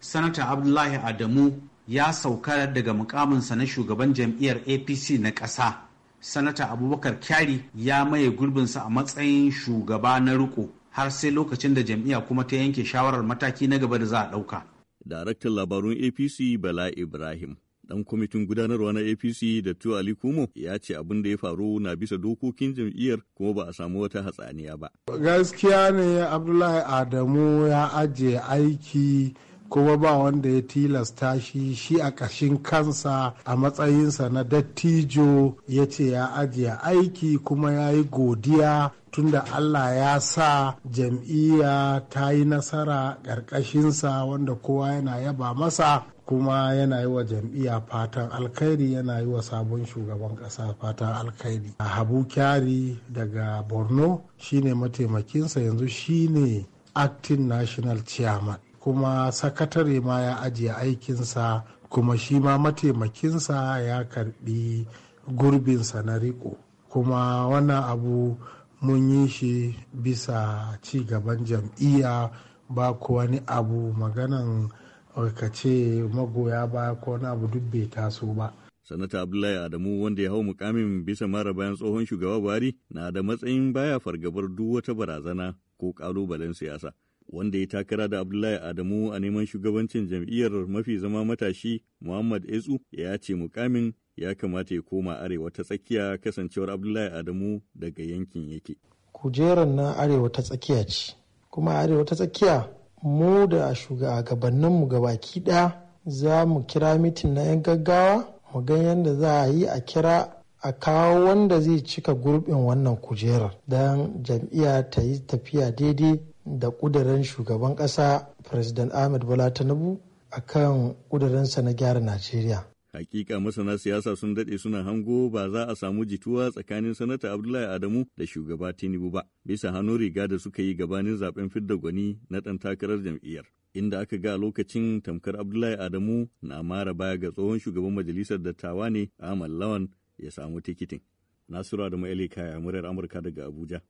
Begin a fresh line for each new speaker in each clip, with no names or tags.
sanata abdullahi adamu ya sauka daga mukaminsa na shugaban jam'iyyar apc na ƙasa sanata abubakar kyari ya maye gurbinsa a matsayin shugaba na riko har sai lokacin da jam'iyya kuma ta yanke shawarar mataki na gaba da za a ɗauka.
daraktan labarun apc bala ibrahim dan kwamitin gudanarwa na apc da tuwa ali kumo ya ce abin da ya faru na bisa dokokin jam'iyyar kuma ba a samu wata hatsaniya ba
gaskiya ne abdullahi adamu ya ajiye aiki kuma ba wanda ya tilasta shi shi a ƙashin kansa a matsayinsa na dattijo ya ce ya ajiye aiki kuma ya yi godiya tunda Allah ya sa jam'iyya ta yi nasara ƙarƙashinsa wanda kowa yana yaba masa kuma yana yi wa jam'iyya fatan alkhairi yana yi wa sabon shugaban ƙasa fatan alkhairi habu kyari daga borno shine mataimakinsa yanzu shine acting national chairman kuma sakatare ma ya ajiye aikinsa kuma shi ma mataimakinsa ya karbi gurbinsa na riko kuma wannan abu mun yi shi bisa ci gaban jam'iyya ba ku wani abu maganan eh, ka ce magoya ba ko wani abu duk bai taso ba
sanata abdullahi adamu wanda ya hau mukamin bisa mara bayan tsohon shugaba buhari na da matsayin baya fargabar duk wata barazana ko kalubalen siyasa wanda ya takara da Abdullahi Adamu a neman shugabancin jam'iyyar mafi zama matashi Muhammad esu ya ce mukamin ya kamata ya koma arewa ta tsakiya kasancewar Abdullahi Adamu daga yankin yake.
Kujerar na arewa ta tsakiya ce, kuma arewa ta tsakiya mu da shugabanninmu gabaki ɗaya za mu kira mitin na 'yan gaggawa mu gan yadda za a yi a kira a kawo wanda zai cika gurbin wannan kujerar don jam'iyya ta yi tafiya daidai da ƙudaran shugaban ƙasa president ahmed bola tinubu a kan ƙudaransa na gyara najeriya
Hakika masana siyasa sun daɗe suna hango ba za a samu jituwa tsakanin sanata Abdullahi Adamu da shugaba Tinubu ba, bisa hannun riga da suka yi gabanin zaben fidda gwani na ɗan takarar jam'iyyar. Inda aka ga lokacin tamkar Abdullahi Adamu na mara baya ga tsohon shugaban majalisar dattawa ne amal Lawan ya samu tikitin. Nasiru Adamu Ali Kaya, muryar Amurka daga Abuja,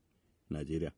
Najeriya.